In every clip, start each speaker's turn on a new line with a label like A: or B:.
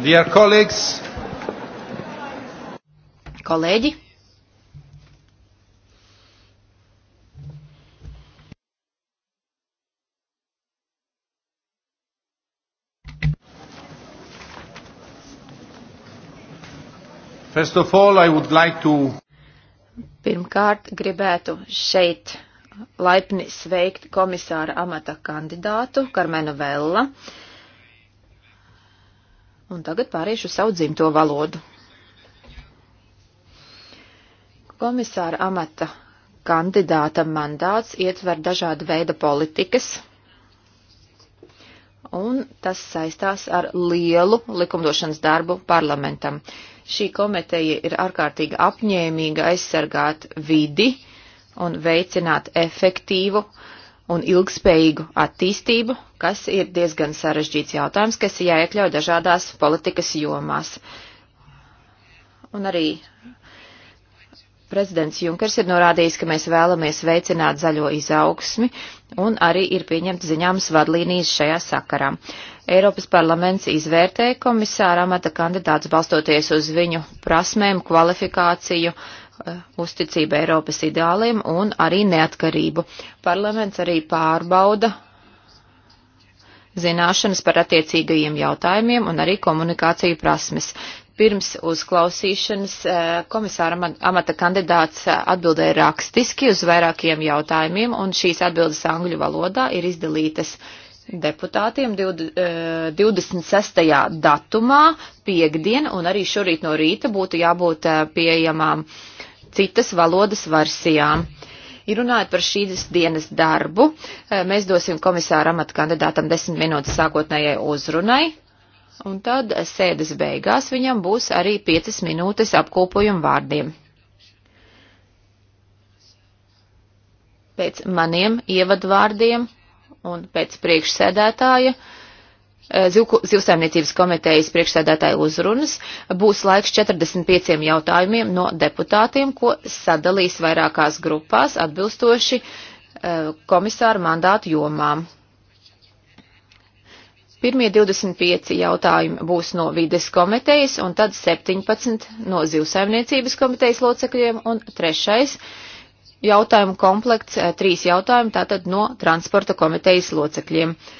A: Dear colleagues, kolēģi, First of all, I would like to... Pirmkārt, gribētu šeit laipni sveikt komisāra amata kandidātu Karmenu Vella. Uh, Un tagad pāriešu savu dzimto valodu. Komisāra amata kandidāta mandāts ietver dažāda veida politikas, un tas saistās ar lielu likumdošanas darbu parlamentam. Šī komiteja ir ārkārtīgi apņēmīga aizsargāt vidi un veicināt efektīvu uh, un ilgspējīgu attīstību, kas ir diezgan sarežģīts jautājums, kas ir jāiekļauj dažādās politikas jomās. Un arī prezidents Junkers ir norādījis, ka mēs vēlamies veicināt zaļo izaugsmi un arī ir pieņemt ziņāmas vadlīnijas šajā sakarā. Eiropas parlaments izvērtēja komisāra amata kandidāts balstoties uz viņu prasmēm, kvalifikāciju, uh, Eh, uzticību Eiropas ideāliem un arī neatkarību. Parlaments arī pārbauda zināšanas par attiecīgajiem jautājumiem un arī komunikāciju prasmes. Pirms uzklausīšanas eh, komisāra amata kandidāts eh, atbildēja rakstiski uz vairākiem jautājumiem, un šīs atbildes angļu valodā ir izdalītas deputātiem 26. datumā, piekdien, un arī šorīt no rīta būtu jābūt pieejamām uh, citas valodas versijām. Ja runājot par šīs dienas darbu, eh, mēs dosim komisāra amata kandidātam desmit minūtes sākotnējai uzrunai, un tad sēdes beigās viņam būs arī piecas minūtes apkopojumu vārdiem. Pēc maniem ievadvārdiem un pēc priekšsēdētāja uh, Eh, zivsaimniecības komitejas priekšsēdētāja uzrunas. Būs laiks 45 jautājumiem no deputātiem, ko sadalīs vairākās grupās atbilstoši eh, komisāru mandātu jomām. Pirmie 25 jautājumi būs no vides komitejas, un tad 17 no zivsaimniecības komitejas locekļiem, un trešais jautājumu komplekts, eh, trīs jautājumi tātad no transporta komitejas locekļiem. Uh,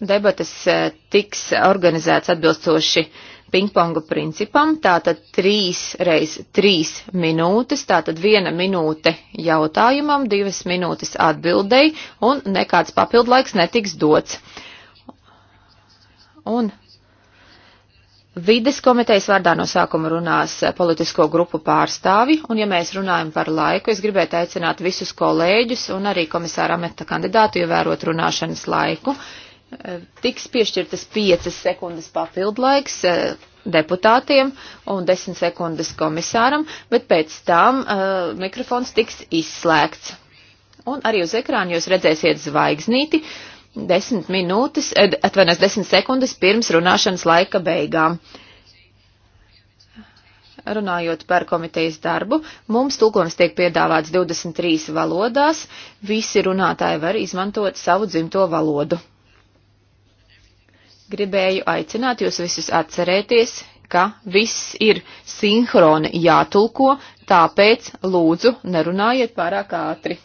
A: debatas eh, tiks organizēts atbilstoši pingponga principam, tātad trīs reiz trīs minūtes, tātad viena minūte jautājumam, divas minūtes atbildēji un nekāds papildlaiks netiks dots. Un vides komitejas vārdā no sākuma runās eh, politisko grupu pārstāvi, un ja mēs runājam par laiku, es gribētu aicināt visus kolēģus un arī komisāra ameta kandidātu ievērot runāšanas laiku, tiks piešķirtas 5 sekundes papildlaiks eh, deputātiem un 10 sekundes komisāram, bet pēc tam uh, mikrofons tiks izslēgts. Un arī uz ekrāna jūs redzēsiet zvaigznīti 10 minūtes, eh, atvainojas 10 sekundes pirms runāšanas laika beigām. Runājot par komitejas darbu, mums tulkojums tiek piedāvāts 23 valodās, visi runātāji var izmantot savu dzimto valodu gribēju aicināt jūs visus atcerēties, ka viss ir sinhroni jātulko, tāpēc lūdzu nerunājiet pārāk ātri.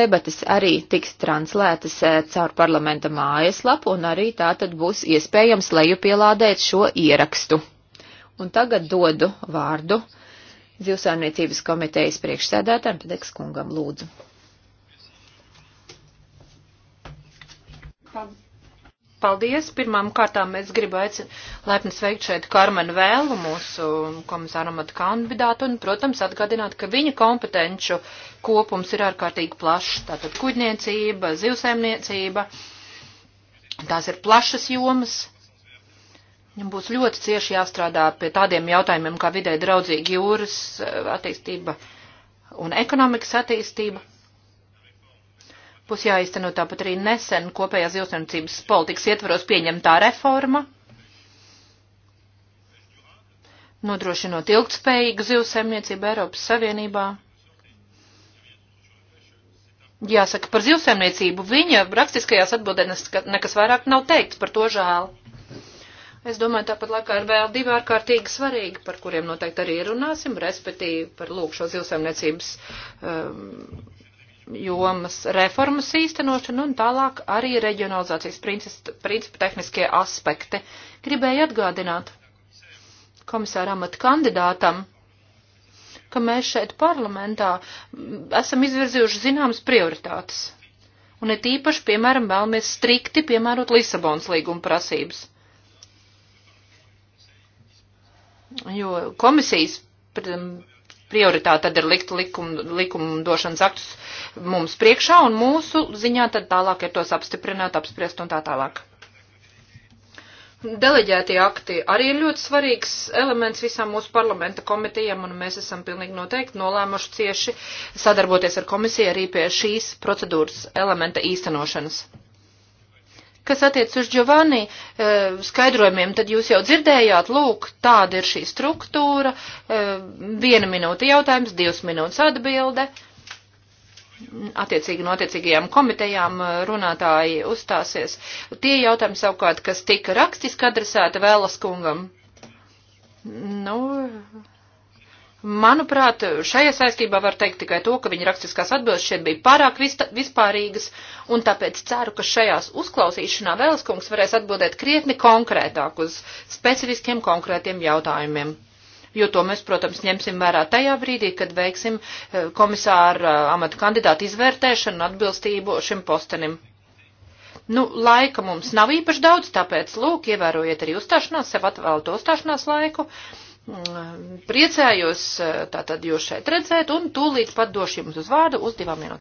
A: Debates arī tiks translētas eh, caur parlamenta mājaslapu un arī tā tad būs iespējams lejupielādēt šo ierakstu. Un tagad dodu vārdu Zivsārniecības komitejas priekšsēdētājiem, tad ekskungam lūdzu.
B: Paldies! Pirmām kārtām es gribu aicin, laipni sveikt šeit Karmenu Vēlu, mūsu komisāram at kandidātu, un, protams, atgādināt, ka viņa kompetenču kopums ir ārkārtīgi plašs. Tātad kuģniecība, zivsēmniecība, tās ir plašas jomas. Viņam būs ļoti cieši jāstrādā pie tādiem jautājumiem kā vidē draudzīgi jūras eh, attīstība un ekonomikas attīstība Būs jāizteno tāpat arī nesen kopējās zilsnēmniecības politikas ietvaros pieņemtā reforma, nodrošinot ilgtspējīgu zivsēmniecību Eiropas Savienībā. Jāsaka, par zivsēmniecību viņa rakstiskajās atbildēs nekas vairāk nav teikts, par to žēl. Es domāju, tāpat laikā ir vēl divi ārkārtīgi svarīgi, par kuriem noteikti arī runāsim, respektīvi par lūkšo zivsēmniecības um, jomas reformas īstenošana un tālāk arī reģionalizācijas principu tehniskie aspekti. Gribēju atgādināt komisāra amata kandidātam, ka mēs šeit parlamentā esam izvirzījuši zināmas prioritātes. Un ir tīpaši, piemēram, vēlamies strikti piemērot Lisabonas līguma prasības. Jo komisijas prioritāte tad ir likt likum, likumdošanas aktus mums priekšā un mūsu ziņā tad tālāk ir tos apstiprināt, apspriest un tā tālāk. Deleģētie akti arī ir ļoti svarīgs elements visām mūsu parlamenta komitejām, un mēs esam pilnīgi noteikti nolēmuši cieši sadarboties ar komisiju arī pie šīs procedūras elementa īstenošanas. Kas attiec uz Giovanni eh, skaidrojumiem, tad jūs jau dzirdējāt, lūk, tāda ir šī struktūra, eh, viena minūte jautājums, divas minūtes atbilde. Attiecīgi no attiecīgajām komitejām eh, runātāji uzstāsies. Tie jautājumi savukārt, kas tika rakstiski adresēti vēlas kungam. Nu, Manuprāt, šajā saistībā var teikt tikai to, ka viņa rakstiskās atbildes šeit bija pārāk vispārīgas, un tāpēc ceru, ka šajās uzklausīšanā Vēlskungs varēs atbildēt krietni konkrētāk uz specifiskiem konkrētiem jautājumiem. Jo to mēs, protams, ņemsim vērā tajā brīdī, kad veiksim eh, komisāra eh, amata kandidātu izvērtēšanu atbilstību šim postenim. Nu, laika mums nav īpaši daudz, tāpēc, lūk, ievērojiet arī uzstāšanās, sev atvēlto uzstāšanās laiku. Uh, priecājos tātad jūs šeit redzēt un tūlīt pat došu jums uz vārdu uz divām minūtēm.